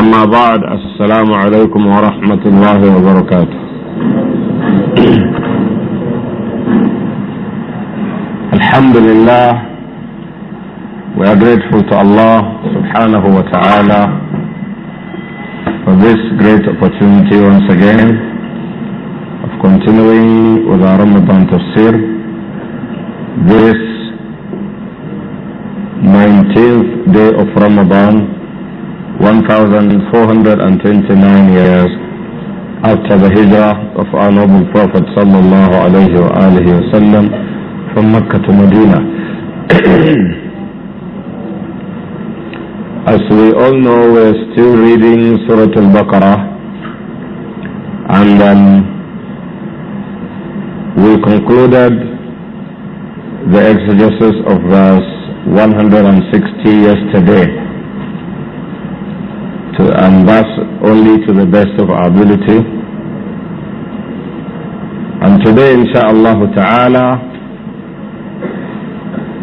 أما بعد السلام عليكم ورحمة الله وبركاته الحمد لله We are grateful to Allah subhanahu wa ta'ala for this great opportunity once again of continuing with our Ramadan tafsir this 19th day of Ramadan 1429 years after the hijrah of our noble Prophet sallallahu alayhi wa alihi wasallam from Mecca to Medina. As we all know, we're still reading Surah Al-Baqarah and um, we concluded the exegesis of verse 160 yesterday and that's only to the best of our ability. And today, insha'Allah ta'ala,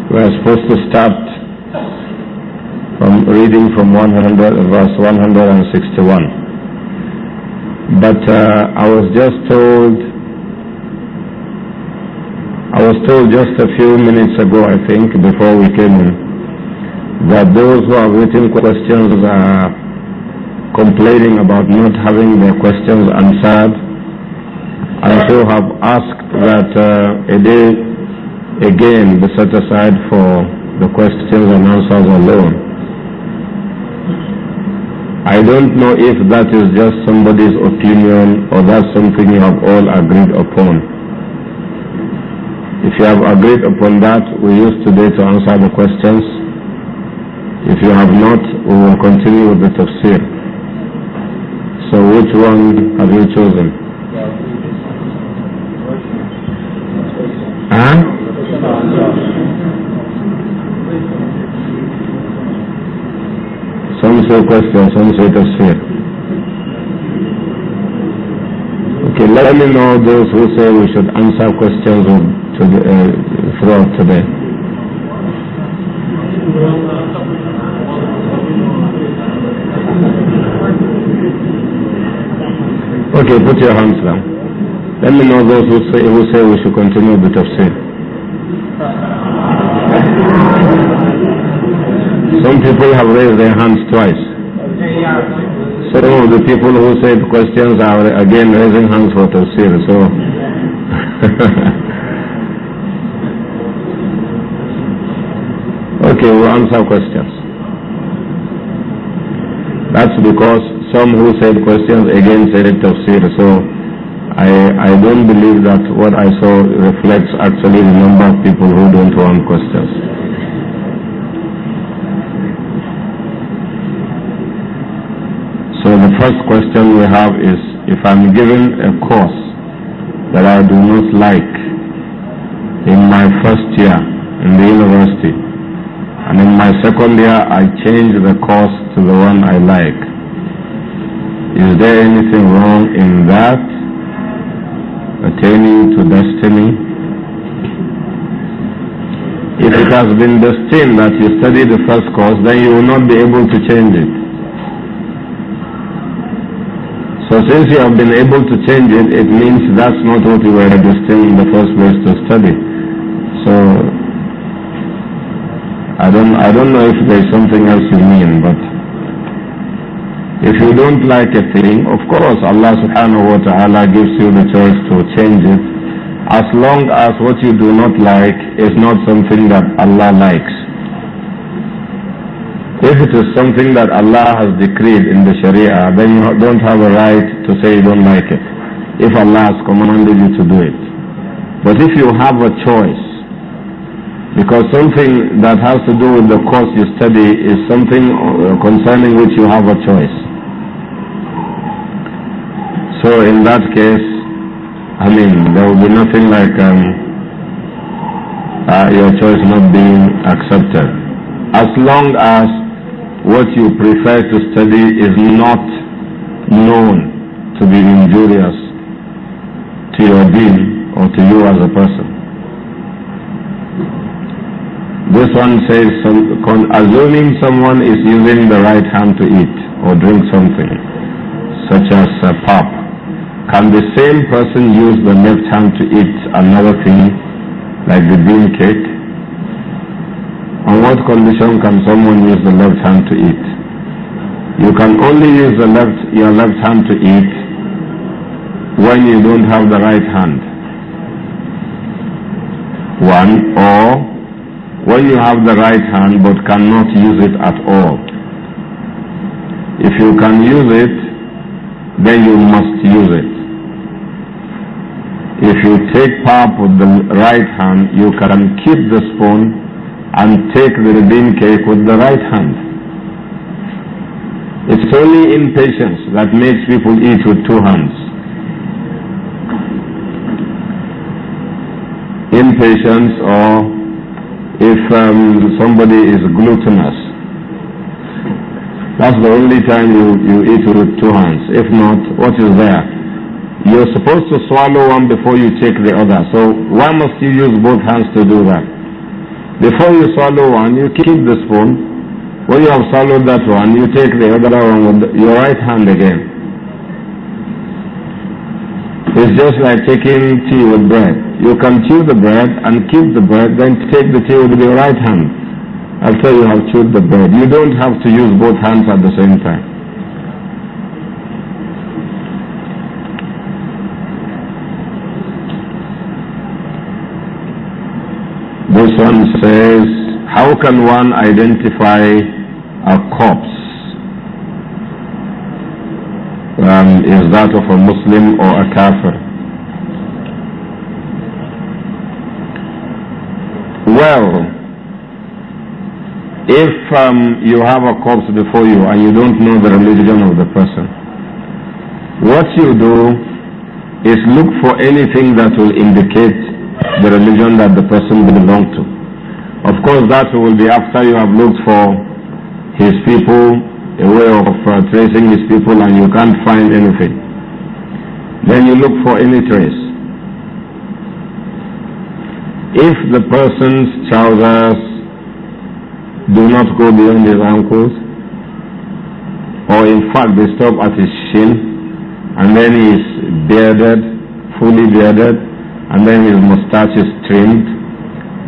we're supposed to start from reading from 100, verse 161. But uh, I was just told, I was told just a few minutes ago, I think, before we came in, that those who have written questions are complaining about not having their questions answered. I also have asked that uh, a day again be set aside for the questions and answers alone. I don't know if that is just somebody's opinion or that's something you have all agreed upon. If you have agreed upon that, we use today to answer the questions. If you have not, we will continue with the tafsir. So which one have you chosen? Huh? Some say question, some say tafsir. Okay, let me know those who say we should answer questions to the, uh, throughout today. Okay, put your hands down. Let me know those who say, who say we should continue the tafsir. Some people have raised their hands twice. Some of the people who said questions are again raising hands for tafsir, so. okay, we'll answer questions. That's because some who said questions against said it tafsir. So I, I don't believe that what I saw reflects actually the number of people who don't want questions. So the first question we have is, if I'm given a course that I do not like in my first year in the university, and in my second year I change the course to the one I like, is there anything wrong in that? Attaining to destiny? If it has been destined that you study the first course, then you will not be able to change it. So since you have been able to change it, it means that's not what you were destined in the first place to study. So I don't I don't know if there's something else you mean, but if you don't like a thing, of course Allah subhanahu wa ta'ala gives you the choice to change it as long as what you do not like is not something that Allah likes. If it is something that Allah has decreed in the Sharia, then you don't have a right to say you don't like it, if Allah has commanded you to do it. But if you have a choice, because something that has to do with the course you study is something uh, concerning which you have a choice. So in that case, I mean, there will be nothing like um, uh, your choice not being accepted. As long as what you prefer to study is not known to be injurious to your being or to you as a person. This one says, assuming someone is using the right hand to eat or drink something, such as a pop, can the same person use the left hand to eat another thing, like the bean cake? On what condition can someone use the left hand to eat? You can only use the left, your left hand to eat when you don't have the right hand. One, or when you have the right hand but cannot use it at all. If you can use it, then you must use it. If you take part with the right hand, you can keep the spoon and take the bean cake with the right hand. It's only impatience that makes people eat with two hands. Impatience or if um, somebody is gluttonous. That's the only time you, you eat with two hands. If not, what is there? You're supposed to swallow one before you take the other. So why must you use both hands to do that? Before you swallow one, you keep the spoon. When you have swallowed that one, you take the other one with your right hand again. It's just like taking tea with bread. You can chew the bread and keep the bread, then take the tea with your right hand after you have chewed the bread. You don't have to use both hands at the same time. This one says, how can one identify a corpse? um, is that of a Muslim or a Kafir. Well, if um, you have a corpse before you and you don't know the religion of the person, what you do is look for anything that will indicate the religion that the person belonged to. Of course, that will be after you have looked for his people, a way of uh, tracing his people and you can't find anything. Then you look for any trace. If the person's trousers do not go beyond his ankles, or in fact they stop at his shin, and then he is bearded, fully bearded, and then his mustache is trimmed,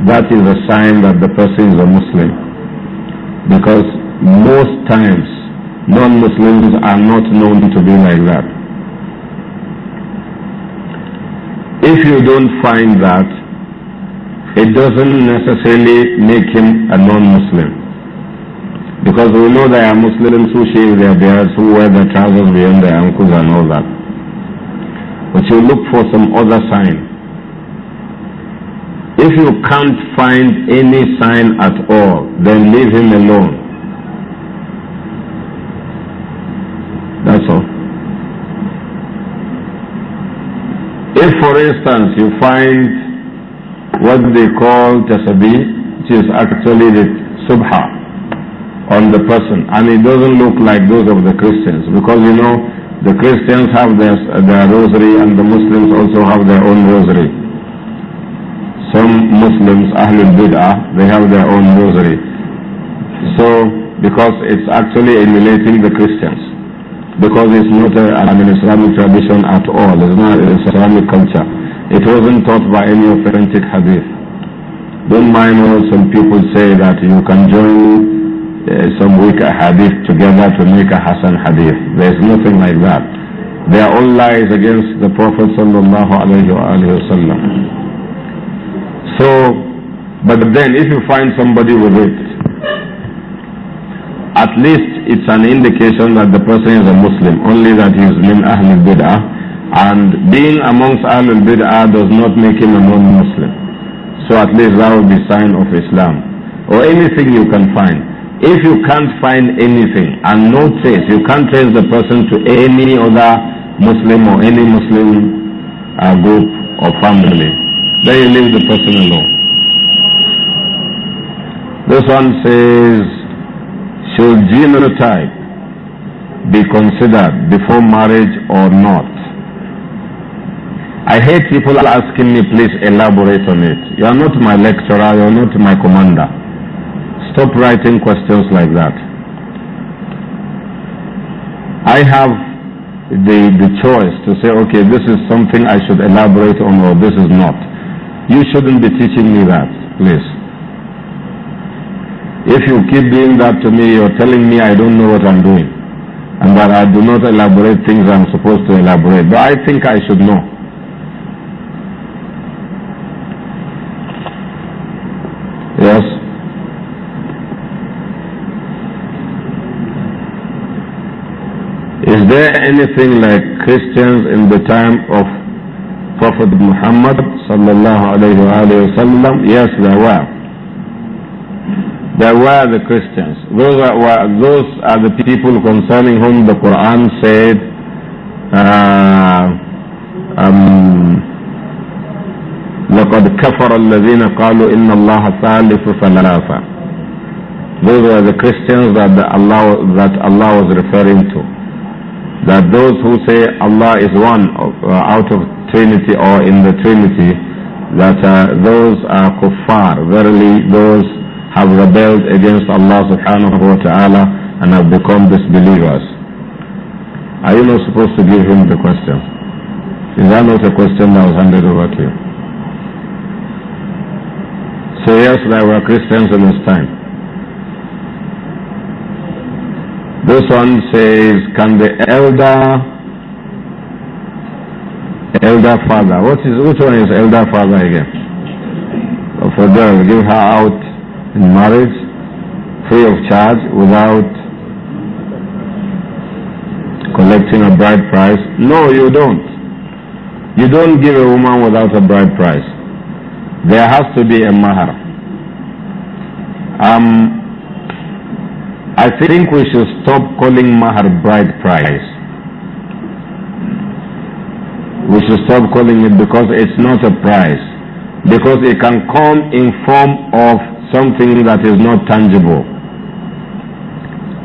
that is a sign that the person is a Muslim. Because most times Non-Muslims are not known to be like that. If you don't find that, it doesn't necessarily make him a non-Muslim. Because we know there are Muslims who shave their beards, who wear their trousers beyond their ankles and all that. But you look for some other sign. If you can't find any sign at all, then leave him alone. If, for instance, you find what they call tasabih, which is actually the subha on the person, and it doesn't look like those of the Christians, because you know, the Christians have their, their rosary and the Muslims also have their own rosary. Some Muslims, Ahlul Bid'ah, they have their own rosary. So, because it's actually emulating the Christians because it's not a, an Islamic tradition at all. It's not an Islamic culture. It wasn't taught by any authentic hadith. Don't mind when some people say that you can join uh, some weak hadith together to make a Hassan hadith. There's nothing like that. They are all lies against the Prophet sallallahu alayhi wasallam. So, but then if you find somebody with it, at least it's an indication that the person is a Muslim, only that he is min Ahlul Bid'ah, and being amongst Ahlul Bid'ah does not make him a non-Muslim. So at least that would be sign of Islam. Or anything you can find. If you can't find anything and no trace, you can't trace the person to any other Muslim or any Muslim uh, group or family, then you leave the person alone. This one says, should genotype be considered before marriage or not? I hate people asking me, please elaborate on it. You are not my lecturer, you are not my commander. Stop writing questions like that. I have the, the choice to say, okay, this is something I should elaborate on or this is not. You shouldn't be teaching me that, please. If you keep doing that to me, you're telling me I don't know what I'm doing and that I do not elaborate things I'm supposed to elaborate. But I think I should know. Yes? Is there anything like Christians in the time of Prophet Muhammad sallallahu alayhi wa sallam? Yes, there were. There were the Christians. Those are, were, those are the people concerning whom the Quran said, uh, um, لقد كفر الذين قالوا إن الله ثالث ثلاثة those were the Christians that the Allah that Allah was referring to. That those who say Allah is one uh, out of Trinity or in the Trinity, that uh, those are kuffar. Verily, those have rebelled against Allah subhanahu wa ta'ala and have become disbelievers. Are you not supposed to give him the question? Is that not a question that was handed over to you? So yes, there were Christians in his time. This one says, can the elder elder father. What is which one is elder father again? For girl, give her out in marriage free of charge without collecting a bride price? No, you don't. You don't give a woman without a bride price. There has to be a mahar. Um, I think we should stop calling mahar bride price. We should stop calling it because it's not a price. Because it can come in form of something that is not tangible.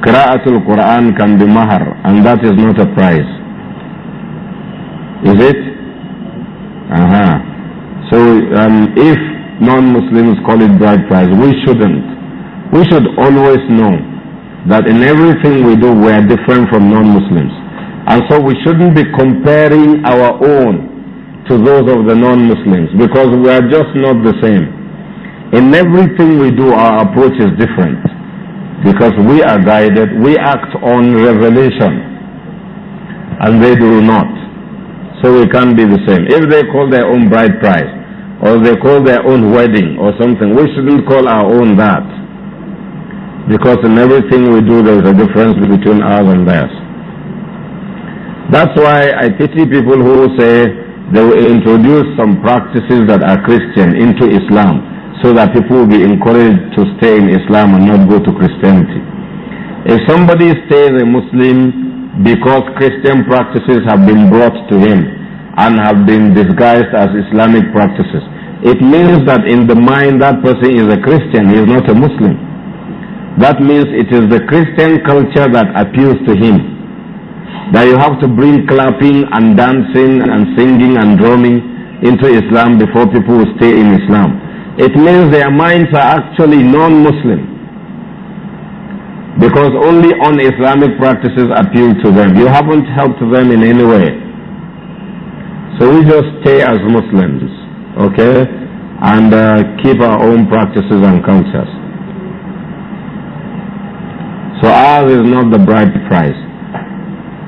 Qira'atul Quran can be mahar, and that is not a price. Is it? Uh -huh. So um, if non-Muslims call it bride price, we shouldn't. We should always know that in everything we do, we are different from non-Muslims. And so we shouldn't be comparing our own to those of the non-Muslims because we are just not the same. In everything we do, our approach is different because we are guided, we act on revelation, and they do not. So we can't be the same. If they call their own bride price, or they call their own wedding, or something, we shouldn't call our own that. Because in everything we do, there's a difference between ours and theirs. That's why I pity people who say they will introduce some practices that are Christian into Islam so that people will be encouraged to stay in Islam and not go to Christianity. If somebody stays a Muslim because Christian practices have been brought to him and have been disguised as Islamic practices, it means that in the mind that person is a Christian, he is not a Muslim. That means it is the Christian culture that appeals to him. That you have to bring clapping and dancing and singing and drumming into Islam before people will stay in Islam it means their minds are actually non-Muslim. Because only un-Islamic practices appeal to them. You haven't helped them in any way. So we just stay as Muslims, okay? And uh, keep our own practices and cultures. So ours is not the bride price.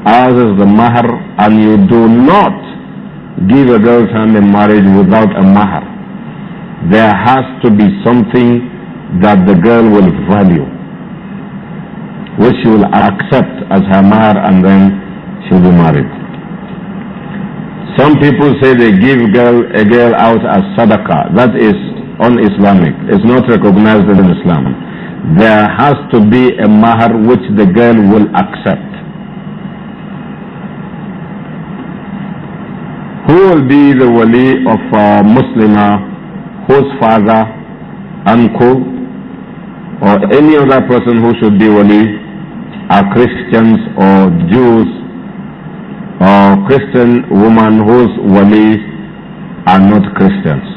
Ours is the mahar, and you do not give a girl's hand in marriage without a mahar there has to be something that the girl will value, which she will accept as her mahar and then she'll be married. Some people say they give girl, a girl out as sadaqah. That is un-Islamic. It's not recognized in Islam. There has to be a mahar which the girl will accept. Who will be the wali of a uh, Muslimah whose father, uncle, or any other person who should be wali are Christians or Jews or Christian women whose wali are not Christians.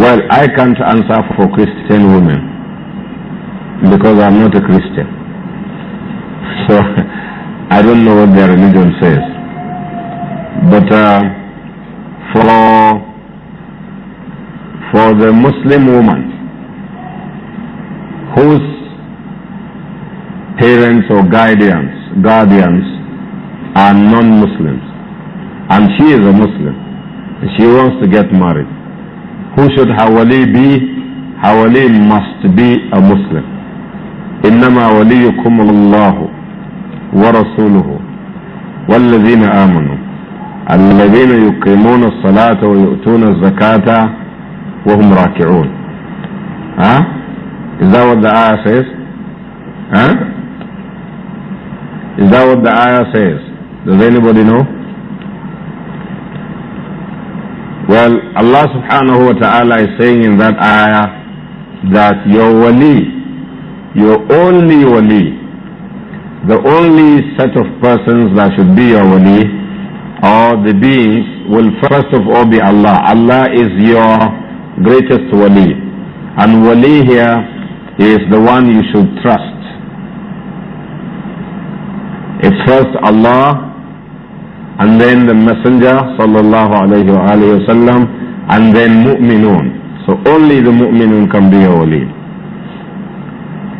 Well, I can't answer for Christian women because I'm not a Christian. So I don't know what their religion says. But uh, for, for the Muslim woman whose parents or guardians, guardians are non-Muslims, and she is a Muslim, and she wants to get married, who should Hawali be? Hawali must be a Muslim. إنما وليكم الله ورسوله والذين آمنوا الذين يقيمون الصلاة ويؤتون الزكاة وهم راكعون ها Is that what the ayah says? Huh? Is that what the ayah says? Does anybody know? Well, Allah subhanahu wa ta'ala is saying in that ayah that your wali, your only wali, the only set of persons that should be your wali or the beings will first of all be Allah. Allah is your greatest wali. And wali here is the one you should trust. It's first Allah and then the Messenger sallallahu alayhi wa sallam and then mu'minun. So only the mu'minun can be your wali.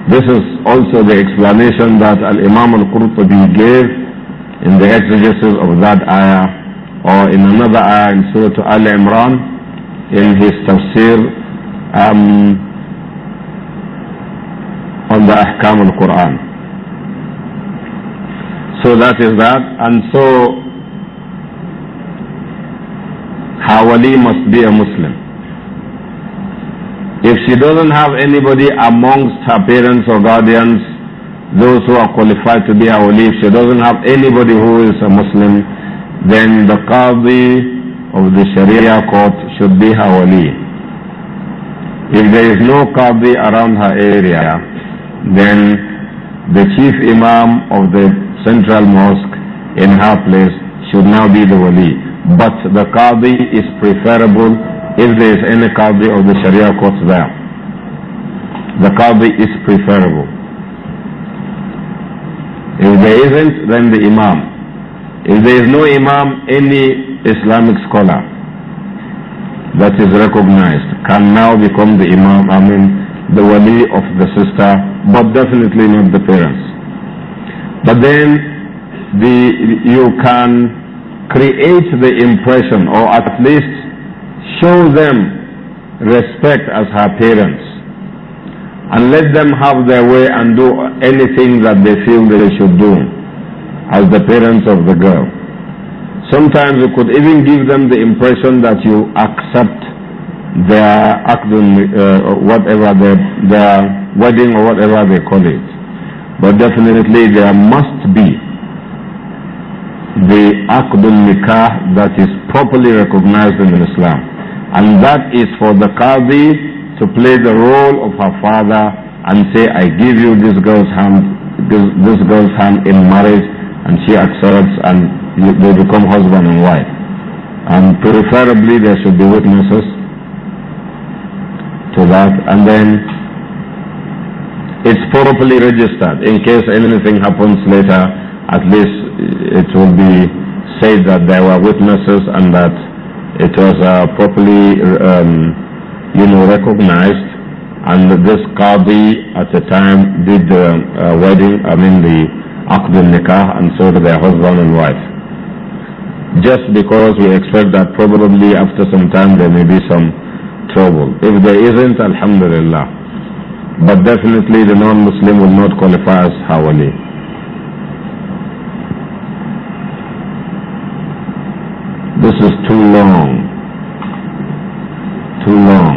This is also the explanation that Al-Imam Al-Qurtubi gave in the exegesis of that ayah or in another ayah in Surah Al-Imran in his tafsir um, on the Ahkam Al-Quran. So that is that and so Hawali must be a Muslim. If she doesn't have anybody amongst her parents or guardians, those who are qualified to be her wali, if she doesn't have anybody who is a Muslim, then the qadi of the Sharia court should be her wali. If there is no qadi around her area, then the chief imam of the central mosque in her place should now be the wali. But the qadi is preferable if there is any qadi of the sharia court there the qadi is preferable if there isn't then the imam if there is no imam any islamic scholar that is recognized can now become the imam i mean the wali of the sister but definitely not the parents but then the you can create the impression or at least show them respect as her parents and let them have their way and do anything that they feel they should do as the parents of the girl. Sometimes you could even give them the impression that you accept their akdun, uh, whatever their, their wedding or whatever they call it. But definitely there must be the akdun nikah that is properly recognized in Islam. And that is for the Qadi to play the role of her father and say, I give you this girl's hand, this, this girl's hand in marriage, and she accepts and they become husband and wife. And preferably there should be witnesses to that. And then it's properly registered. In case anything happens later, at least it will be said that there were witnesses and that it was uh, properly, um, you know, recognized. And this Qadi at the time did the uh, wedding, I mean the Aqd nikah and so did their husband and wife. Just because we expect that probably after some time there may be some trouble. If there isn't, Alhamdulillah. But definitely the non-Muslim will not qualify as Hawali. long. Too long.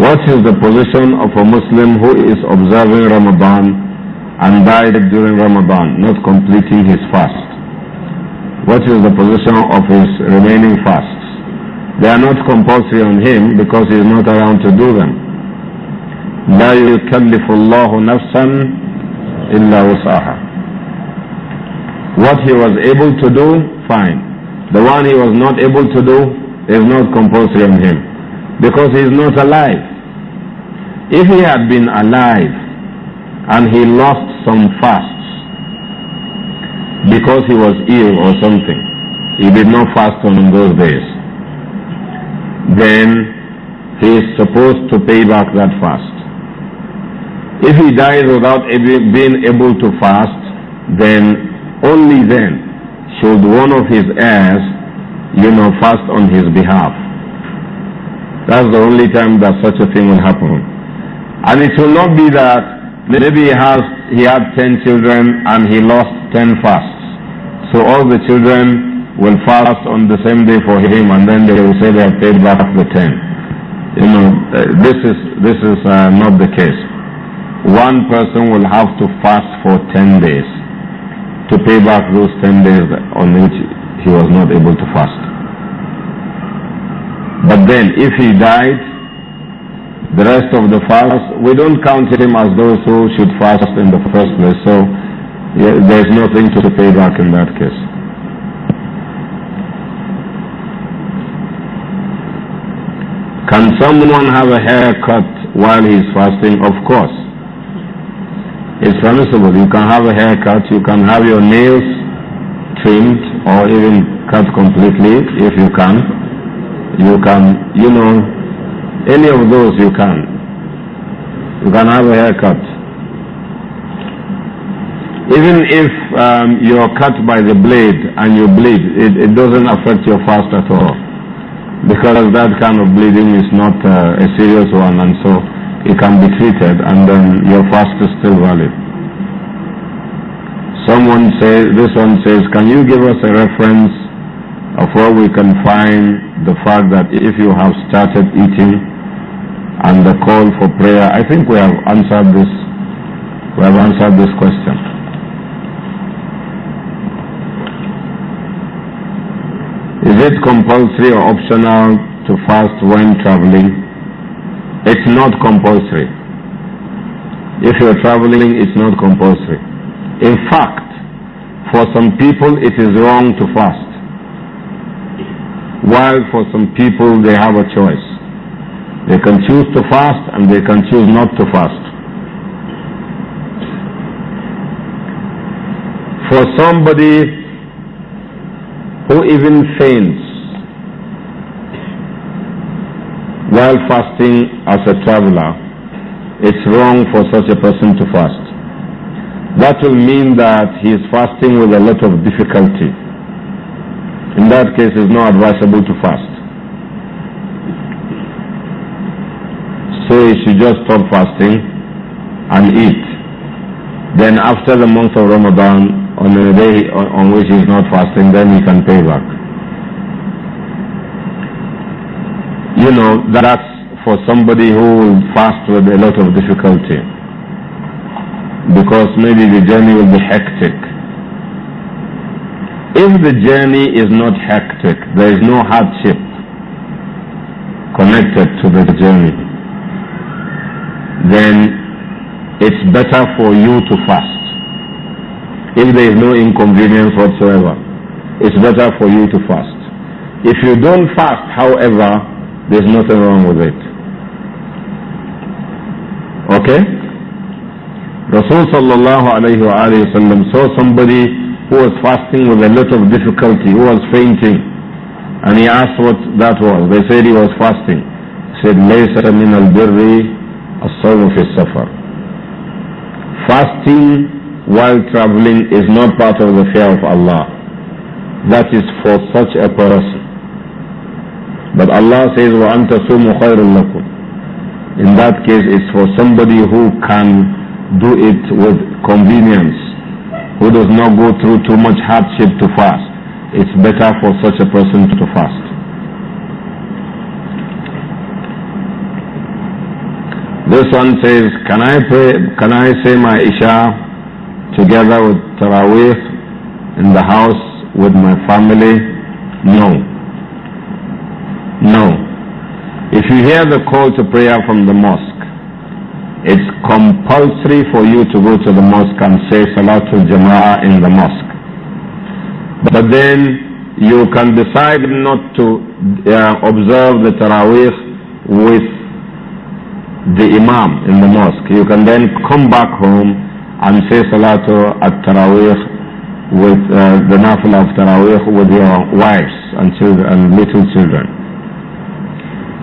What is the position of a Muslim who is observing Ramadan and died during Ramadan, not completing his fast? What is the position of his remaining fasts? They are not compulsory on him because he is not around to do them. لا يكلف الله نفسا إِلَّا وُسْعَهَا What he was able to do, fine. The one he was not able to do is not compulsory on him because he is not alive. If he had been alive and he lost some fasts because he was ill or something, he did not fast on those days, then he is supposed to pay back that fast. If he dies without being able to fast, then only then should one of his heirs, you know, fast on his behalf. That's the only time that such a thing will happen. And it will not be that maybe he has he had ten children and he lost ten fasts. So all the children will fast on the same day for him and then they will say they have paid back the ten. You know, uh, this is this is uh, not the case one person will have to fast for 10 days to pay back those 10 days on which he was not able to fast. But then, if he died, the rest of the fast, we don't count him as those who should fast in the first place, so there's nothing to pay back in that case. Can someone have a haircut while he's fasting? Of course is permissible. You can have a haircut, you can have your nails trimmed or even cut completely if you can. You can, you know, any of those you can. You can have a haircut. Even if um, you're cut by the blade and you bleed, it, it, doesn't affect your fast at all. Because that kind of bleeding is not uh, a serious one and so you can be treated and then your fast is still valid. Someone says, this one says, can you give us a reference of where we can find the fact that if you have started eating and the call for prayer, I think we have answered this, we have answered this question. Is it compulsory or optional to fast when traveling? It's not compulsory. If you're traveling, it's not compulsory. In fact, for some people, it is wrong to fast. While for some people, they have a choice. They can choose to fast and they can choose not to fast. For somebody who even faints, while fasting as a traveler, it's wrong for such a person to fast. That will mean that he is fasting with a lot of difficulty. In that case, it's not advisable to fast. So he should just stop fasting and eat. Then after the month of Ramadan, on the day on which he is not fasting, then he can pay back. you know, that's for somebody who will fast with a lot of difficulty. Because maybe the journey will be hectic. If the journey is not hectic, there is no hardship connected to the journey, then it's better for you to fast. If there is no inconvenience whatsoever, it's better for you to fast. If you don't fast, however, there's nothing wrong with it. Okay? Rasul sallallahu alayhi wa sallam saw somebody who was fasting with a lot of difficulty, who was fainting. And he asked what that was. They said he was fasting. He said, لَيْسَ مِنَ الْبِرِّ الصَّوْمُ فِي السَّفَرِ Fasting while traveling is not part of the fear of Allah. That is for such a person. But Allah says, وَأَنْتَ صُومُ خَيْرٌ لَكُمْ In that case, it's for somebody who can do it with convenience, who does not go through too much hardship to fast. It's better for such a person to fast. This one says, can I pray, can I say my Isha together with Taraweeh in the house with my family? No. No. If you hear the call to prayer from the mosque, it's compulsory for you to go to the mosque and say Salatul Jama'ah in the mosque. But then you can decide not to uh, observe the Taraweeh with the Imam in the mosque. You can then come back home and say Salatul At-Taraweeh with uh, the nafil of Taraweeh with your wives and children and little children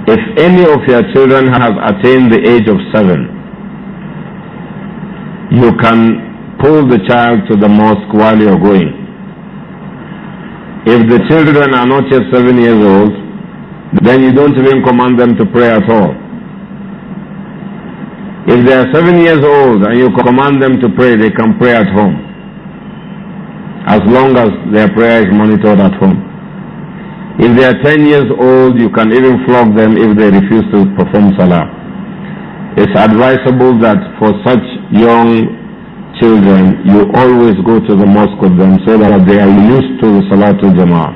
if any of your children have attained the age of seven, you can pull the child to the mosque while you're going. If the children are not yet seven years old, then you don't even command them to pray at all. If they are seven years old and you command them to pray, they can pray at home. As long as their prayer is monitored at home. If they are 10 years old, you can even flog them if they refuse to perform salah. It's advisable that for such young children, you always go to the mosque with them so that they are used to the Salatul Jama'ah.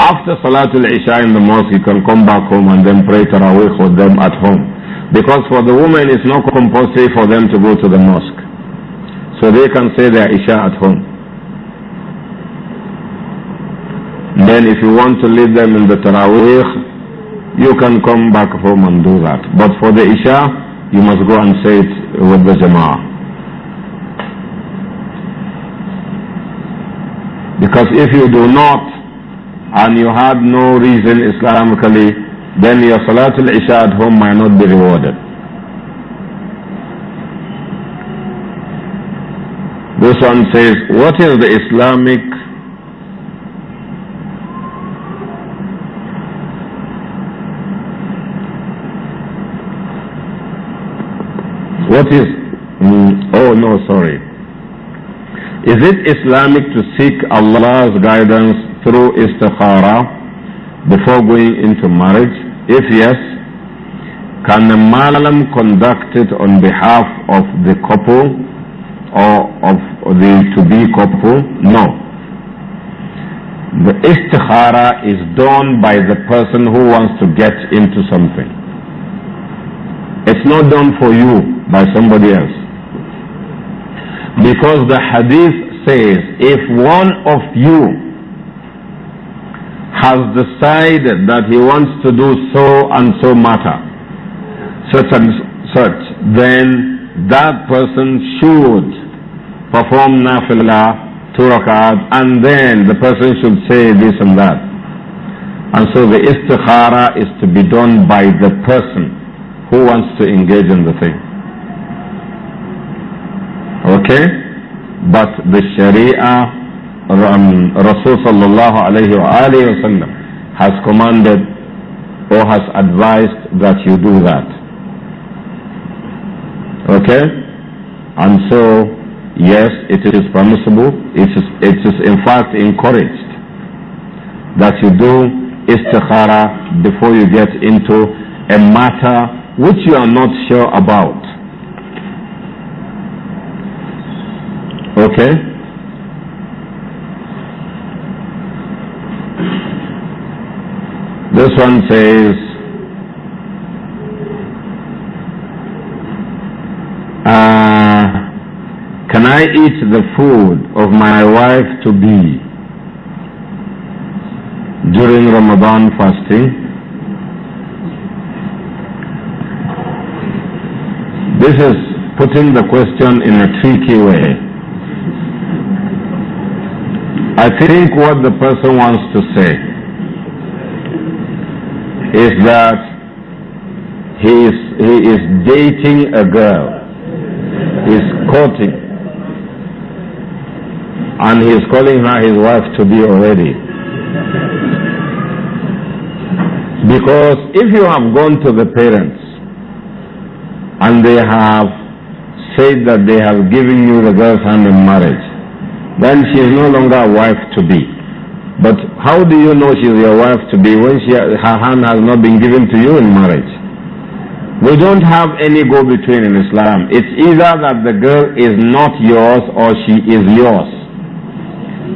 After Salatul Isha in the mosque, you can come back home and then pray Taraweeh with them at home. Because for the women, it's not compulsory for them to go to the mosque. So they can say their Isha at home. Then if you want to leave them in the Taraweeh, you can come back home and do that. But for the Isha, you must go and say it with the Jama'ah. Because if you do not, and you had no reason Islamically, then your Salatul Isha at home might not be rewarded. This one says, what is the Islamic What is, mm, oh no, sorry. Is it Islamic to seek Allah's guidance through istikhara before going into marriage? If yes, can the malam conduct it on behalf of the couple or of the to-be couple? No. The istikhara is done by the person who wants to get into something. It's not done for you by somebody else. Because the hadith says, if one of you has decided that he wants to do so and so matter, such and such, then that person should perform nafilah, two rakat, and then the person should say this and that. And so the istikhara is to be done by the person who wants to engage in the thing. Okay? But the Sharia, um, Rasul sallallahu alayhi wa sallam has commanded or has advised that you do that. Okay? And so, yes, it is permissible. It is, it is in fact encouraged that you do istikhara before you get into a matter which you are not sure about. Okay? This one says, uh, Can I eat the food of my wife to be during Ramadan fasting? This is putting the question in a tricky way. I think what the person wants to say is that he is, he is dating a girl, is courting, and he is calling her his wife to be already. Because if you have gone to the parents and they have said that they have given you the girl's hand in marriage, then she is no longer a wife to be. But how do you know she is your wife to be when she, her hand has not been given to you in marriage? We don't have any go between in Islam. It's either that the girl is not yours or she is yours.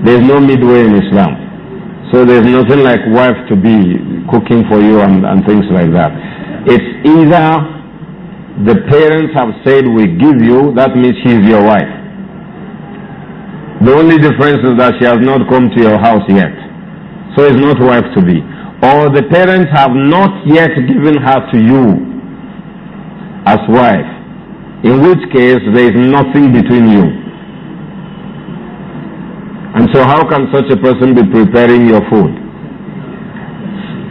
There's no midway in Islam. So there's nothing like wife to be cooking for you and, and things like that. It's either the parents have said, we give you, that means she is your wife. The only difference is that she has not come to your house yet. So is not wife to be. Or the parents have not yet given her to you as wife. In which case, there is nothing between you. And so how can such a person be preparing your food?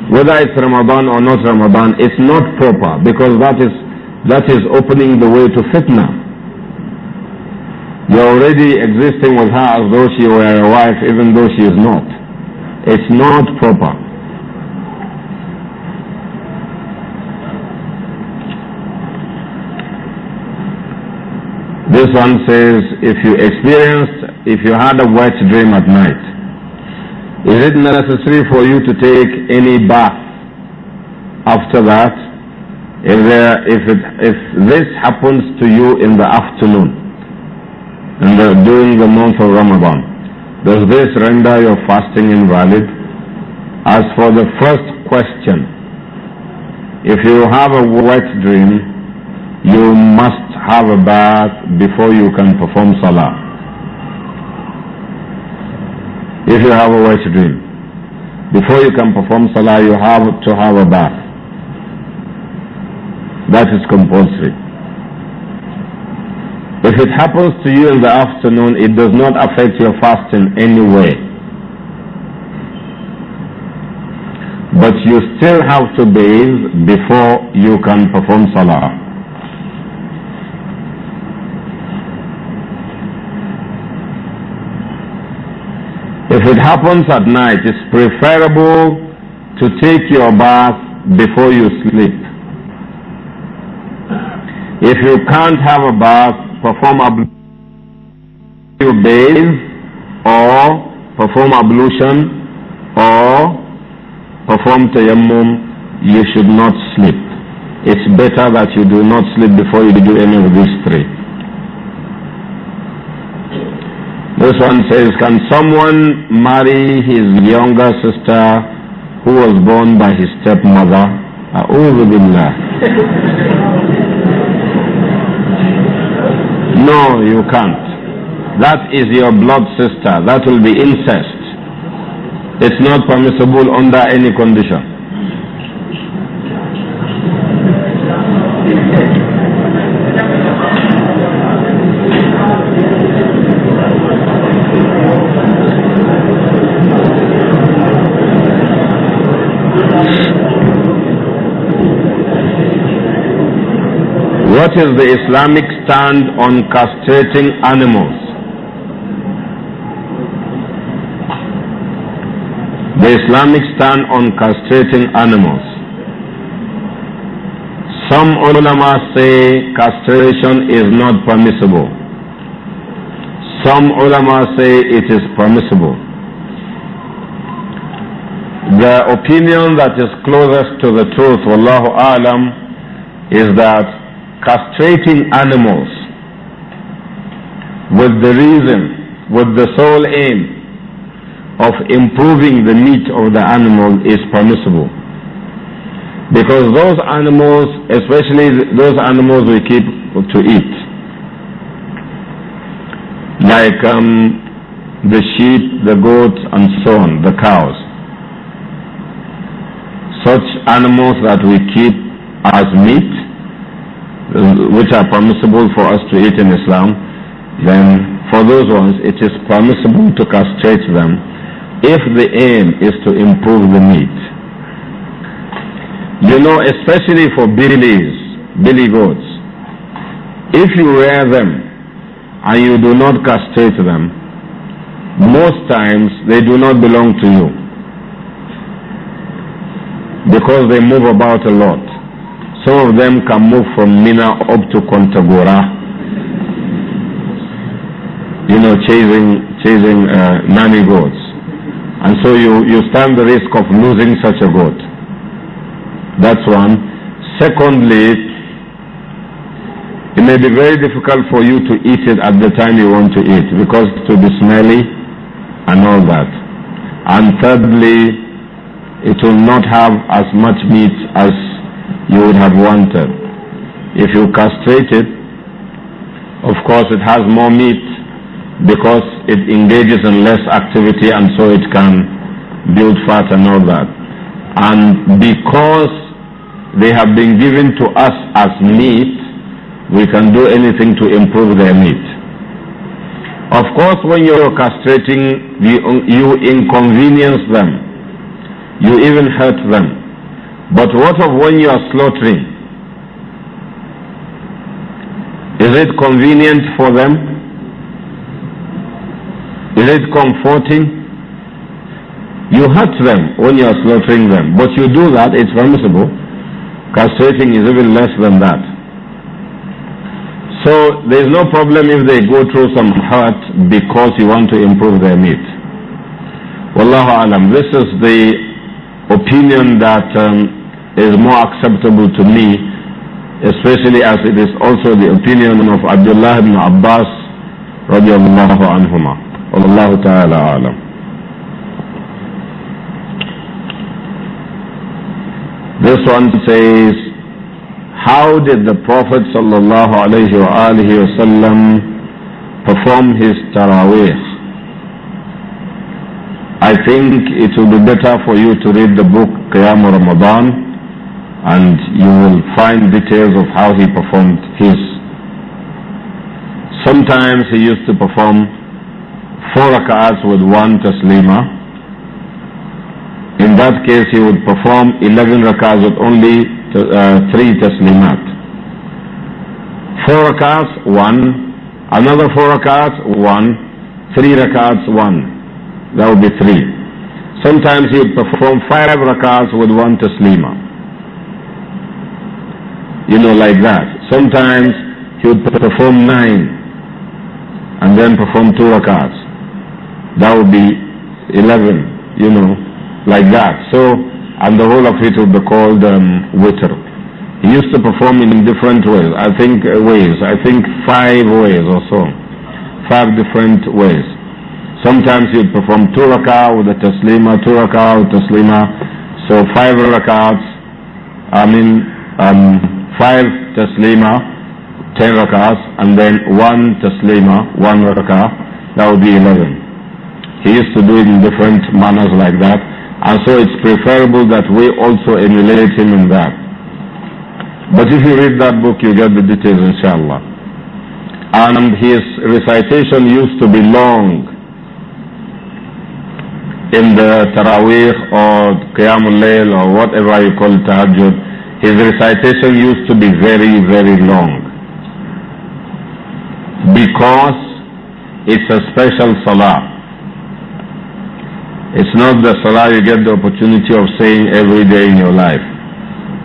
Whether it's Ramadan or not Ramadan, it's not proper because that is that is opening the way to fitna. You're already existing with her as though she were a wife, even though she is not. It's not proper. This one says, if you experienced, if you had a wet dream at night, is it necessary for you to take any bath after that? If, there, if, it, if this happens to you in the afternoon, in the, during the month of Ramadan, does this render your fasting invalid? As for the first question, if you have a wet dream, you must have a bath before you can perform salah. If you have a wet dream, before you can perform salah, you have to have a bath. That is compulsory. If it happens to you in the afternoon, it does not affect your fasting in any way. But you still have to bathe before you can perform salah. If it happens at night, it's preferable to take your bath before you sleep. If you can't have a bath, perform ablution, you bathe, or perform ablution, or perform tayammum, you should not sleep. It's better that you do not sleep before you do any of these three. This one says, can someone marry his younger sister who was born by his stepmother? A'udhu billah. No, you can't. That is your blood sister. That will be incest. It's not permissible under any condition. What is the Islamic stand on castrating animals? The Islamic stand on castrating animals. Some ulama say castration is not permissible. Some ulama say it is permissible. The opinion that is closest to the truth, Wallahu Alam, is that castrating animals with the reason, with the sole aim of improving the meat of the animal is permissible. Because those animals, especially those animals we keep to eat, like um, the sheep, the goats, and so on, the cows, such animals that we keep as meat uh, which are permissible for us to eat in Islam, then for those ones it is permissible to castrate them if the aim is to improve the meat. You know, especially for billies, billy goats, if you rear them and you do not castrate them, most times they do not belong to you because they move about a lot. Some of them can move from Mina up to Kontagora. You know, chasing chasing uh, nanny goats. And so you, you stand the risk of losing such a goat. That's one. Secondly, it may be very difficult for you to eat it at the time you want to eat because it will be smelly and all that. And thirdly, it will not have as much meat as you would have wanted, If you castrate it, of course it has more meat because it engages in less activity and so it can build fat and all that. And because they have been given to us as meat, we can do anything to improve their meat. Of course, when you're castrating, you, you inconvenience them. You even hurt them. But what of when you are slaughtering? Is it convenient for them? Is it comforting? You hurt them when you are slaughtering them, but you do that, it's permissible. Castrating is even less than that. So there's no problem if they go through some hurt because you want to improve their meat. Wallahu alam. This is the opinion that um, is more acceptable to me, especially as it is also the opinion of Abdullah ibn Abbas radiallahu anhuma. Wallahu ta'ala alam. This one says, how did the Prophet sallallahu alayhi wa perform his Taraweeh? I think it will be better for you to read the book Qiyam Ramadan and you will find details of how he performed his. Sometimes he used to perform four rak'ahs with one taslima. In that case, he would perform 11 rak'ahs with only uh, three taslimat. Four rak'ahs, one. Another four rak'ahs, one. Three rak'ahs, one. That would be three. Sometimes he would perform five rak'ahs with one taslima you know, like that. Sometimes he would perform nine and then perform two rakats. That would be eleven, you know, like that. So, and the whole of it would be called um, witr. He used to perform in different ways. I think uh, ways. I think five ways or so, five different ways. Sometimes he would perform two rakah with a taslima, two rakah with taslima. So five rakats. I mean. Um, five taslima, ten rakahs, and then one taslima, one rakah, that would be eleven. He used to do it in different manners like that, and so it's preferable that we also emulate him in that. But if you read that book, you get the details, inshallah. And his recitation used to be long in the Taraweeh or Qiyamul Layl or whatever you call it, Tahajjud his recitation used to be very, very long because it's a special salah. It's not the salah you get the opportunity of saying every day in your life.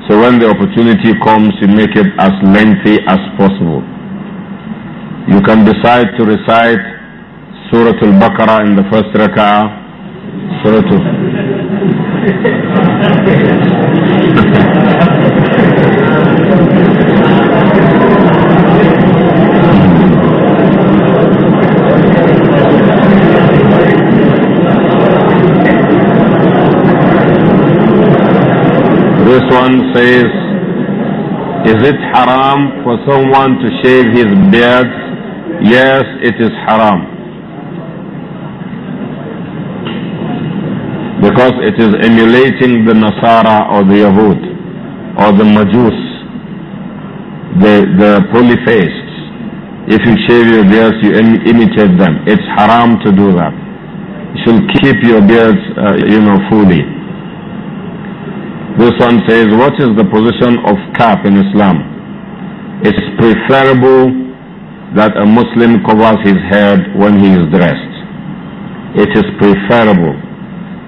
So when the opportunity comes, you make it as lengthy as possible. You can decide to recite Surah Al-Baqarah in the first rak'ah Solo tú. This one says, Is it haram for someone to shave his beard? Yes, it is haram. because it is emulating the Nasara or the Yahud or the Majus, the, the polytheists. If you shave your beards, you Im imitate them. It's haram to do that. You should keep your beards, uh, you know, fully. This one says, what is the position of cap in Islam? It's preferable that a Muslim covers his head when he is dressed. It is preferable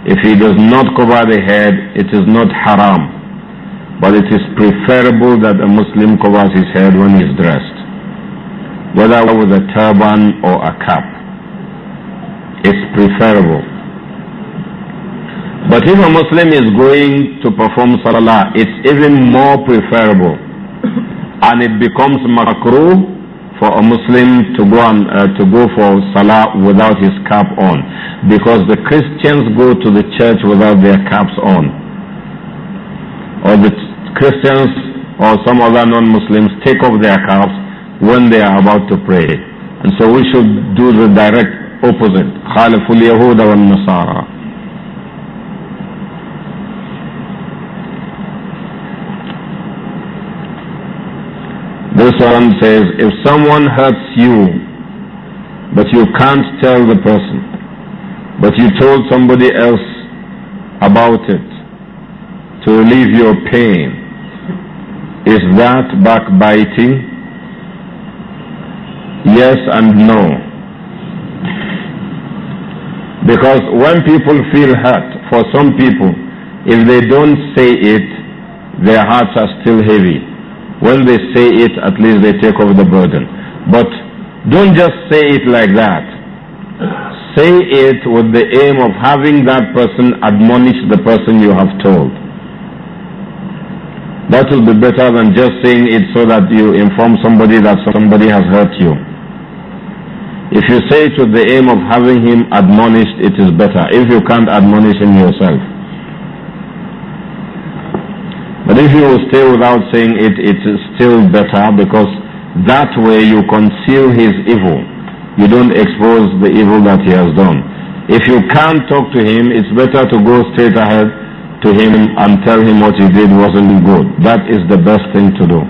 if he does not cover the head, it is not haram. But it is preferable that a Muslim covers his head when he is dressed, whether with a turban or a cap. It's preferable. But if a Muslim is going to perform salah, it's even more preferable and it becomes makruh for a Muslim to go on, uh, to go for salah without his cap on because the Christians go to the church without their caps on or the Christians or some other non-Muslims take off their caps when they are about to pray and so we should do the direct opposite خالف اليهود والنصارى This one says, if someone hurts you, but you can't tell the person, but you told somebody else about it to relieve your pain, is that backbiting? Yes and no. Because when people feel hurt, for some people, if they don't say it, their hearts are still heavy. When they say it, at least they take off the burden. But don't just say it like that. Say it with the aim of having that person admonish the person you have told. That will be better than just saying it so that you inform somebody that somebody has hurt you. If you say it with the aim of having him admonished, it is better. If you can't admonish him yourself. But if you stay without saying it, it is still better because that way you conceal his evil. You don't expose the evil that he has done. If you can't talk to him, it's better to go straight ahead to him and tell him what he did wasn't good. That is the best thing to do.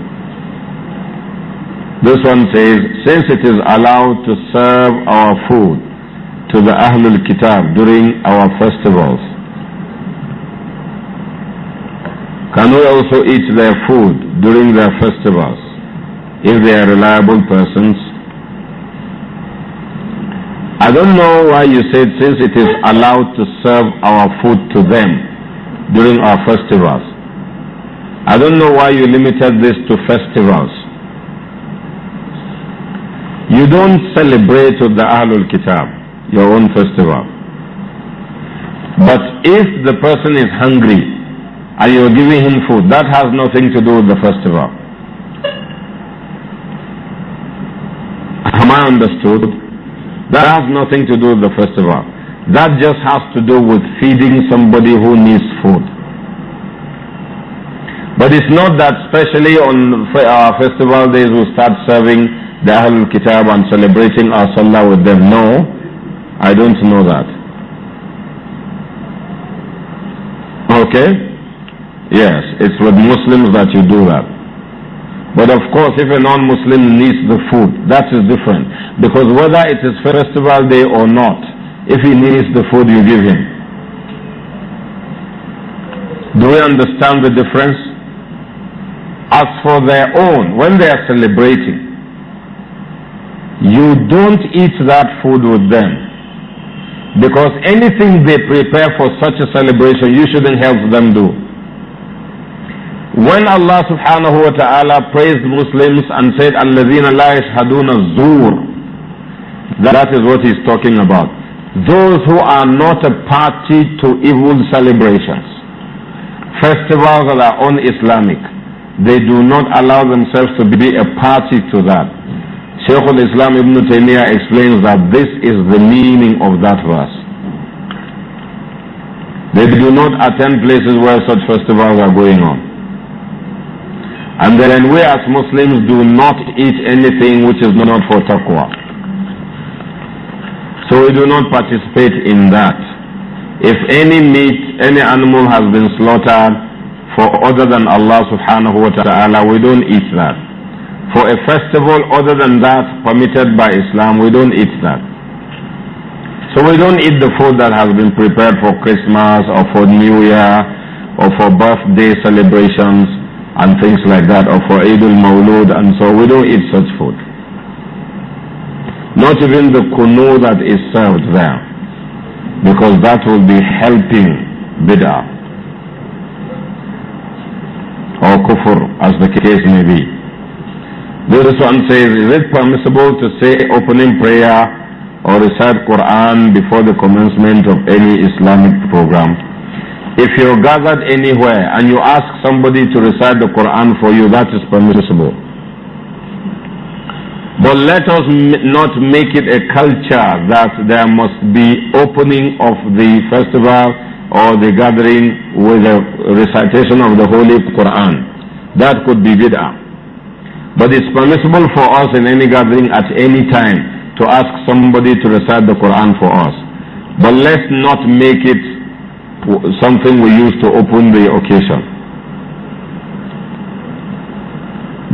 This one says, since it is allowed to serve our food to the Ahlul Kitab during our festivals, Can we also eat their food during their festivals if they are reliable persons? I don't know why you said since it is allowed to serve our food to them during our festivals. I don't know why you limited this to festivals. You don't celebrate with the Ahlul Kitab, your own festival. But if the person is hungry are you giving him food. That has nothing to do with the festival. Am I understood? That has nothing to do with the festival. That just has to do with feeding somebody who needs food. But it's not that specially on our uh, festival days we start serving the Ahlul Kitab and celebrating our Salah with them. No, I don't know that. Okay? Yes, it's with Muslims that you do that. But of course, if a non-Muslim needs the food, that is different. Because whether it is festival day or not, if he needs the food, you give him. Do we understand the difference? As for their own, when they are celebrating, you don't eat that food with them. Because anything they prepare for such a celebration, you shouldn't help them do. When Allah subhanahu wa ta'ala praised Muslims and said, الَّذِينَ لَا يَشْهَدُونَ الزُّورِ That is what he's talking about. Those who are not a party to evil celebrations, festivals that are un-Islamic, they do not allow themselves to be a party to that. Shaykh al-Islam Ibn Taymiyyah explains that this is the meaning of that verse. They do not attend places where such festivals are going on. And then we as Muslims do not eat anything which is not for taqwa. So we do not participate in that. If any meat, any animal has been slaughtered for other than Allah subhanahu wa ta'ala, we don't eat that. For a festival other than that permitted by Islam, we don't eat that. So we don't eat the food that has been prepared for Christmas or for New Year or for birthday celebrations and things like that, or for Eid al-Mawlud, and so we don't eat such food. Not even the kunu that is served there, because that will be helping bid'ah, or kufr, as the case may be. This one says, is it permissible to say opening prayer or recite Quran before the commencement of any Islamic program? If you're gathered anywhere and you ask somebody to recite the Quran for you, that is permissible. But let us not make it a culture that there must be opening of the festival or the gathering with a recitation of the Holy Quran. That could be bid'ah. But it's permissible for us in any gathering at any time to ask somebody to recite the Quran for us. But let's not make it something we use to open the occasion.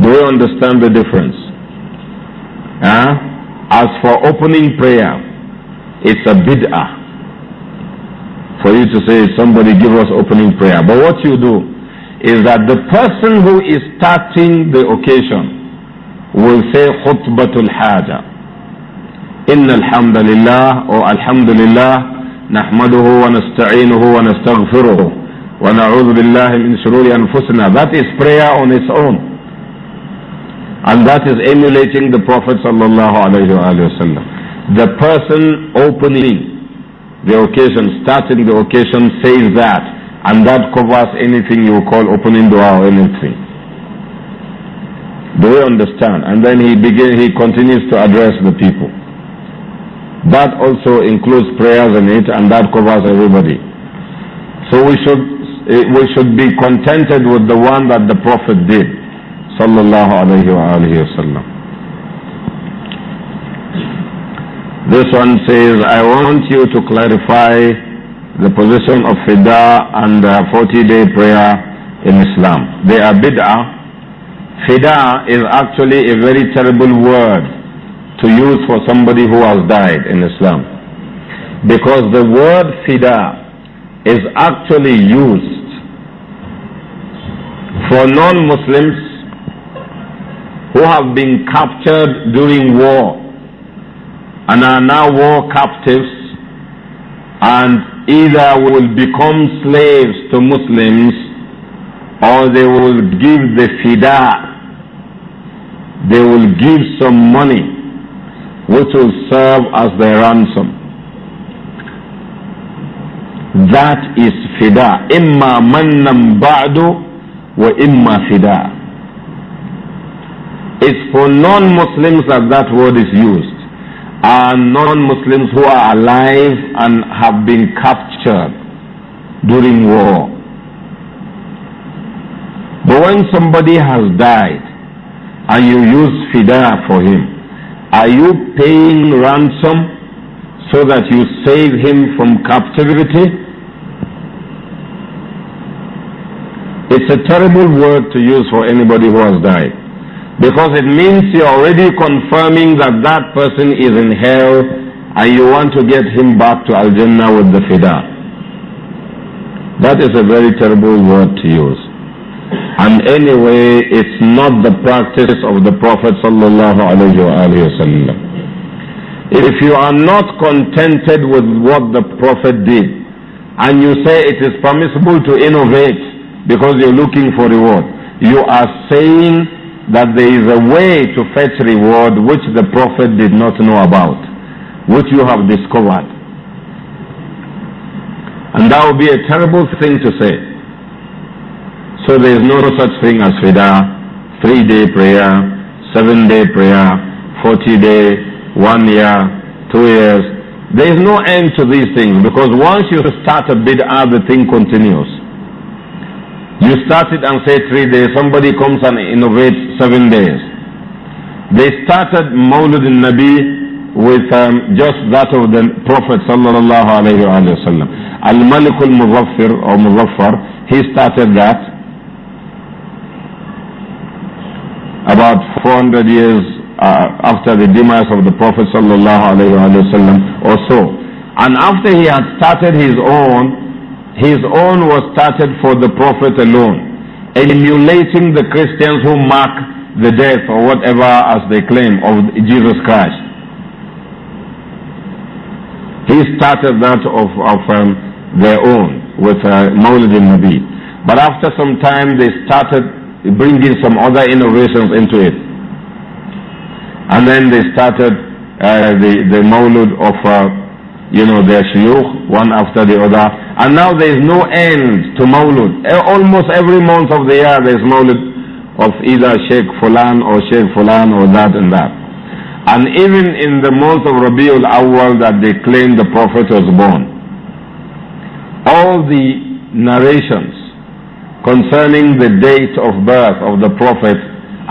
Do you understand the difference? Huh? As for opening prayer, it's a bid'ah for you to say, somebody give us opening prayer. But what you do is that the person who is starting the occasion will say khutbatul haja. Inna alhamdulillah or alhamdulillah نحمده ونستعينه ونستغفره ونعوذ بالله من شرور أنفسنا that is prayer on its own and that is emulating the Prophet sallallahu alaihi wasallam. The person opening the occasion, starting the occasion, says that, and that covers anything you call opening dua or anything. Do you understand? And then he begin, he continues to address the people. That also includes prayers in it and that covers everybody. So we should, eh, we should be contented with the one that the Prophet did. Sallallahu alaihi wa This one says, I want you to clarify the position of fida and the 40-day prayer in Islam. They are bid'ah. Fida is actually a very terrible word to use for somebody who has died in Islam. Because the word fida is actually used for non Muslims who have been captured during war and are now war captives and either will become slaves to Muslims or they will give the fida, they will give some money which will serve as their ransom. That is fida. Imma mannam ba'du wa imma fida. It's for non-Muslims that that word is used. And non-Muslims who are alive and have been captured during war. But when somebody has died and you use fida for him, are you paying ransom so that you save him from captivity? It's a terrible word to use for anybody who has died. Because it means you're already confirming that that person is in hell and you want to get him back to Al Jannah with the Fidah. That is a very terrible word to use. And anyway, it's not the practice of the Prophet sallallahu If you are not contented with what the Prophet did, and you say it is permissible to innovate because you're looking for reward, you are saying that there is a way to fetch reward which the Prophet did not know about, which you have discovered. And that would be a terrible thing to say. So there is no such thing as fida, three day prayer, seven day prayer, 40 day, one year, two years. There is no end to these things because once you start a bid'ah, the thing continues. You start it and say three days, somebody comes and innovates seven days. They started Mawlid al-Nabi with um, just that of the Prophet sallallahu alayhi wa Al-Malik al-Muzaffir or Muzaffar, he started that. 400 years uh, after the demise of the Prophet sallallahu or so. And after he had started his own, his own was started for the Prophet alone, emulating the Christians who mark the death or whatever as they claim of Jesus Christ. He started that of, of um, their own with uh, Mawlid al-Nabi. But after some time they started bringing some other innovations into it. And then they started uh, the, the mawlud of, uh, you know, their shuyukh, one after the other. And now there is no end to mawlud. Uh, almost every month of the year there is mawlud of either Sheikh Fulan or Sheikh Fulan or that and that. And even in the month of Rabiul Awwal that they claim the Prophet was born, all the narrations concerning the date of birth of the Prophet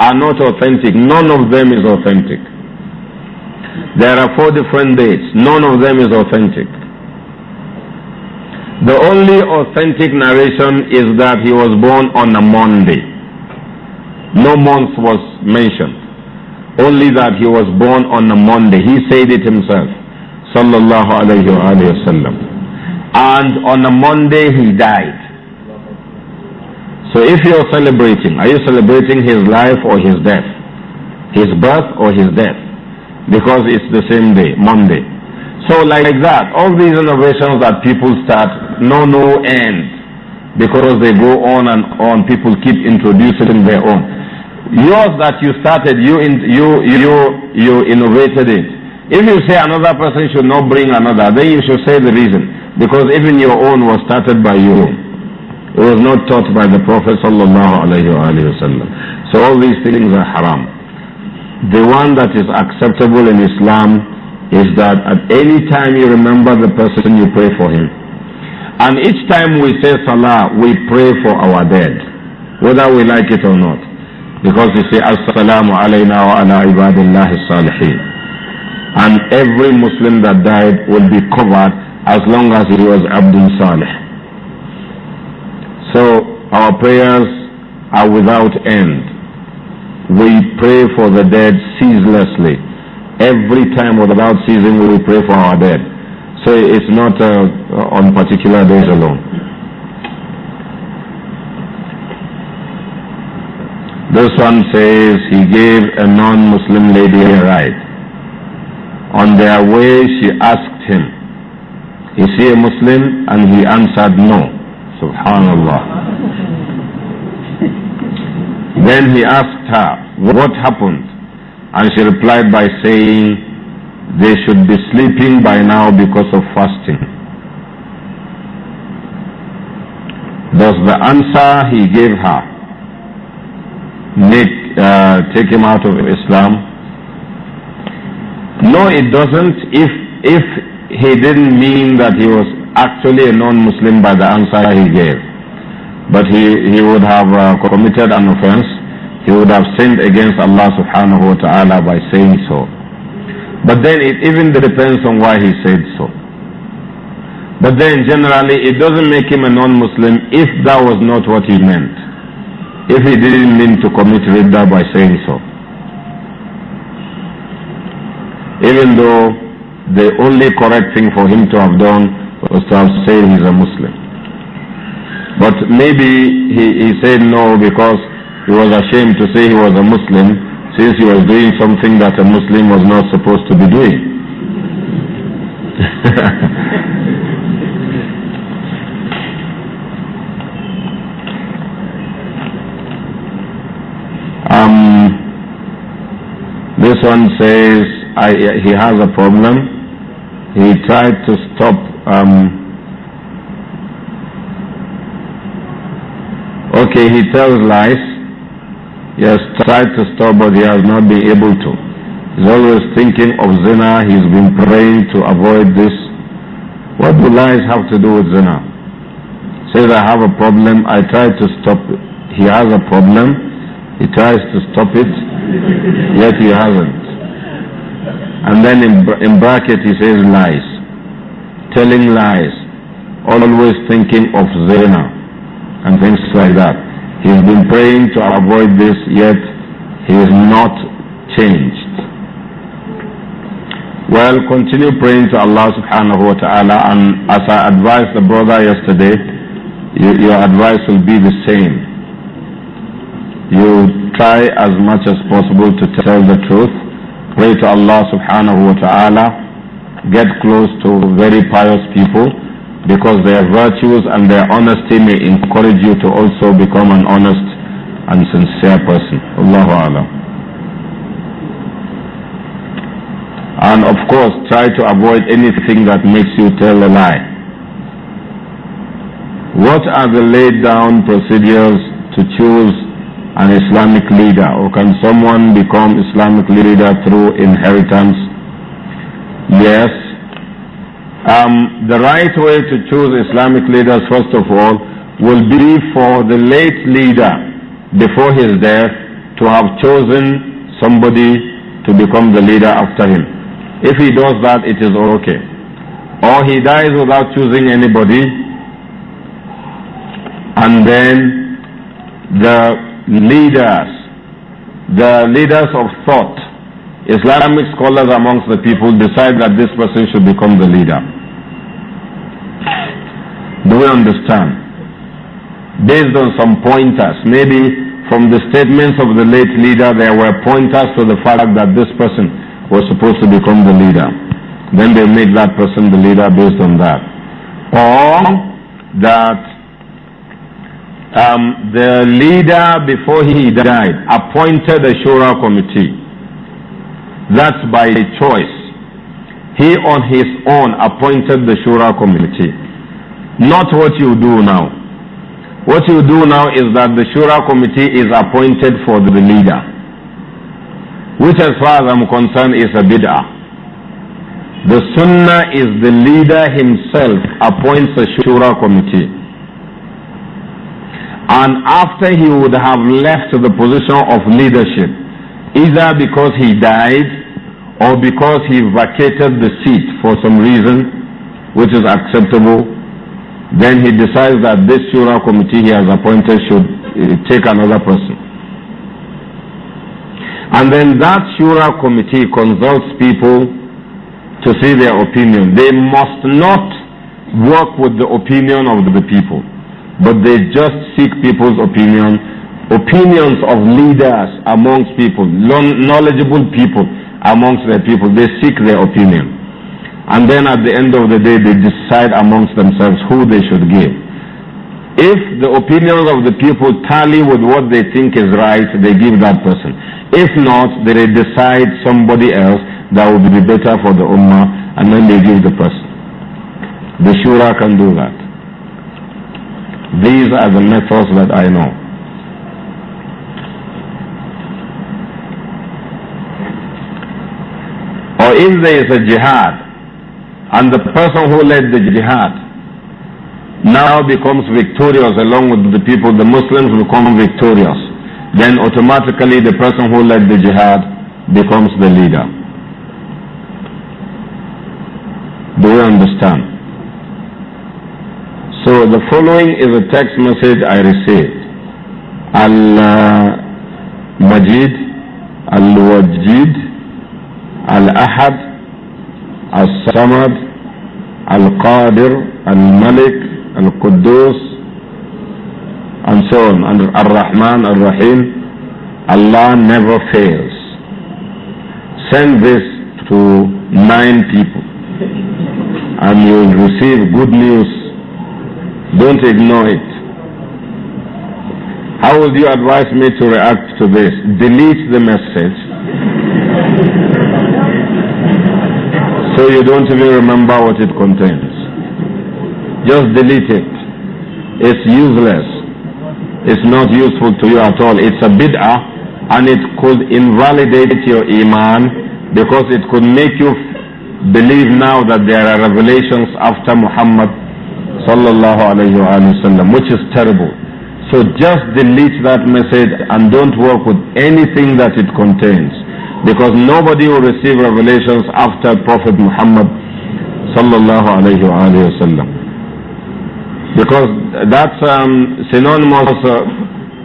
are not authentic. None of them is authentic. There are four different dates. None of them is authentic. The only authentic narration is that he was born on a Monday. No month was mentioned. Only that he was born on a Monday. He said it himself. Sallallahu alayhi wa And on a Monday he died. So if you're celebrating, are you celebrating his life or his death? His birth or his death? Because it's the same day, Monday. So like that, all these innovations that people start, no, no end. Because they go on and on, people keep introducing their own. Yours that you started, you, in, you, you, you innovated it. If you say another person should not bring another, then you should say the reason. Because even your own was started by you. It was not taught by the Prophet sallallahu alayhi wa So all these things are haram. The one that is acceptable in Islam is that at any time you remember the person, you pray for him. And each time we say salah, we pray for our dead, whether we like it or not. Because we say, as-salamu alayna wa ala ibadillahi salihin. And every Muslim that died will be covered as long as he was Abdul Salih. So our prayers are without end. We pray for the dead ceaselessly. Every time without ceasing we pray for our dead. So it's not uh, on particular days alone. This one says he gave a non-Muslim lady a ride. On their way she asked him, is he a Muslim? And he answered no. Subhanallah. Then he asked her, what happened? And she replied by saying, they should be sleeping by now because of fasting. Does the answer he gave her make, uh, take him out of Islam? No, it doesn't. If, if he didn't mean that he was actually a non-Muslim by the answer he gave. But he, he would have uh, committed an offense. He would have sinned against Allah subhanahu wa ta'ala by saying so. But then it even depends on why he said so. But then generally it doesn't make him a non-Muslim if that was not what he meant. If he didn't mean to commit ridda by saying so. Even though the only correct thing for him to have done Ustaz said he's a Muslim. But maybe he, he said no because he was ashamed to say he was a Muslim since he was doing something that a Muslim was not supposed to be doing. um, this one says I, he has a problem he tried to stop um, okay he tells lies he has tried to stop but he has not been able to he's always thinking of zina he's been praying to avoid this what do lies have to do with zina says i have a problem i try to stop it he has a problem he tries to stop it yet he hasn't and then in, in bracket he says lies, telling lies, always thinking of zina and things like that. He's been praying to avoid this, yet he is not changed. Well, continue praying to Allah subhanahu wa ta'ala and as I advised the brother yesterday, you, your advice will be the same. You try as much as possible to tell the truth Pray to Allah subhanahu wa ta'ala. Get close to very pious people because their virtues and their honesty may encourage you to also become an honest and sincere person. Allahu Alam. And of course, try to avoid anything that makes you tell a lie. What are the laid down procedures to choose an Islamic leader or can someone become Islamic leader through inheritance? Yes. Um, the right way to choose Islamic leaders, first of all, will be for the late leader before his death to have chosen somebody to become the leader after him. If he does that, it is all okay. Or he dies without choosing anybody, and then the leaders, the leaders of thought, Islamic scholars amongst the people decide that this person should become the leader. Do we understand? Based on some pointers, maybe from the statements of the late leader, there were pointers to the fact that this person was supposed to become the leader. Then they made that person the leader based on that. Or that um, the leader before he died appointed a shura committee. That's by choice. He on his own appointed the shura committee. Not what you do now. What you do now is that the shura committee is appointed for the leader, which, as far as I'm concerned, is a bid'ah. The sunnah is the leader himself appoints a shura committee and after he would have left the position of leadership, either because he died or because he vacated the seat for some reason which is acceptable, then he decides that this shura committee he has appointed should eh, take another person. And then that shura committee consults people to see their opinion. They must not work with the opinion of the people but they just seek people's opinion, opinions of leaders amongst people, knowledgeable people amongst their people. They seek their opinion. And then at the end of the day, they decide amongst themselves who they should give. If the opinions of the people tally with what they think is right, they give that person. If not, they decide somebody else that would be better for the ummah, and then they give the person. The shura can do that. These are the methods that I know. Or if there is a jihad, and the person who led the jihad now becomes victorious along with the people, the Muslims become victorious, then automatically the person who led the jihad becomes the leader. Do you understand? So the following is a text message I received. Al-Majid, Al-Wajid, Al-Ahad, Al-Samad, Al-Qadir, Al-Malik, Al-Quddus, and so on. And Al-Rahman, Al-Rahim. Allah never fails. Send this to nine people and you will receive good news don't ignore it. How would you advise me to react to this? Delete the message. so you don't even remember what it contains. Just delete it. It's useless. It's not useful to you at all. It's a bid'ah and it could invalidate your iman because it could make you believe now that there are revelations after Muhammad sallallahu alayhi wa which is terrible. So just delete that message and don't work with anything that it contains. Because nobody will receive revelations after Prophet Muhammad sallallahu alayhi wa Because that's um, synonymous, uh,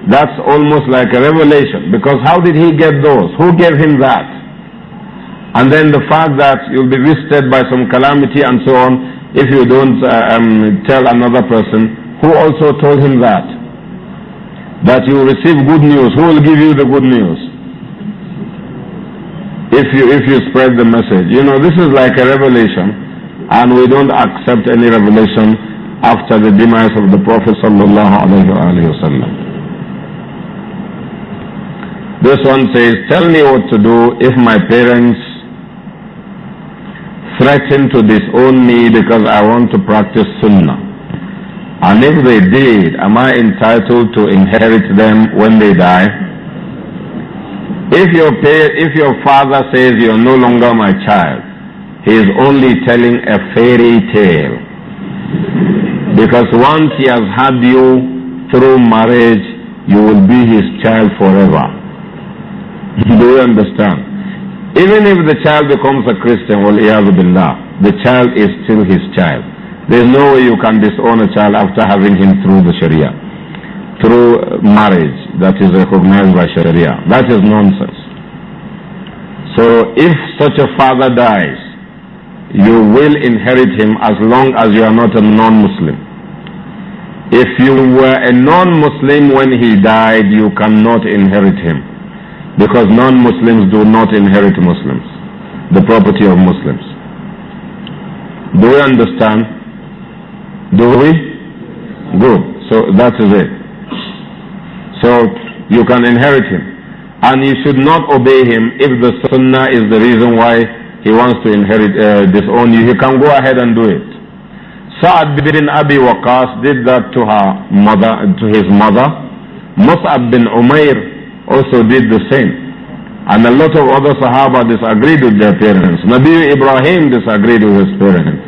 that's almost like a revelation. Because how did he get those? Who gave him that? And then the fact that you'll be visited by some calamity and so on, if you don't uh, um, tell another person who also told him that, that you receive good news, who will give you the good news? If you, if you spread the message. You know, this is like a revelation, and we don't accept any revelation after the demise of the Prophet sallallahu alaihi wasallam. This one says, Tell me what to do if my parents threaten to disown me because I want to practice sunnah. And if they did, am I entitled to inherit them when they die? If your, if your father says you are no longer my child, he is only telling a fairy tale. Because once he has had you through marriage, you will be his child forever. Do you understand? Even if the child becomes a Christian, billah, the child is still his child. There's no way you can disown a child after having him through the Sharia, through marriage that is recognized by Sharia. That is nonsense. So if such a father dies, you will inherit him as long as you are not a non-Muslim. If you were a non-Muslim when he died, you cannot inherit him. Because non-Muslims do not inherit Muslims, the property of Muslims. Do we understand? Do we? Good. So that is it. So you can inherit him. And you should not obey him if the sunnah is the reason why he wants to inherit, uh, disown you. He can go ahead and do it. Sa'ad bin Abi Waqas did that to her mother, to his mother. Mus'ab bin Umair also did the same. And a lot of other Sahaba disagreed with their parents. Nabi Ibrahim disagreed with his parents,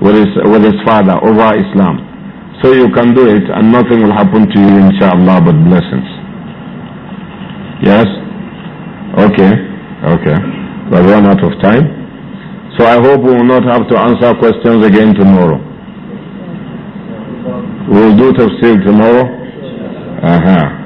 with his, with his father over Islam. So you can do it and nothing will happen to you inshallah but blessings. Yes? Okay. Okay. we run out of time. So I hope we will not have to answer questions again tomorrow. We'll do it still tomorrow. Uh-huh.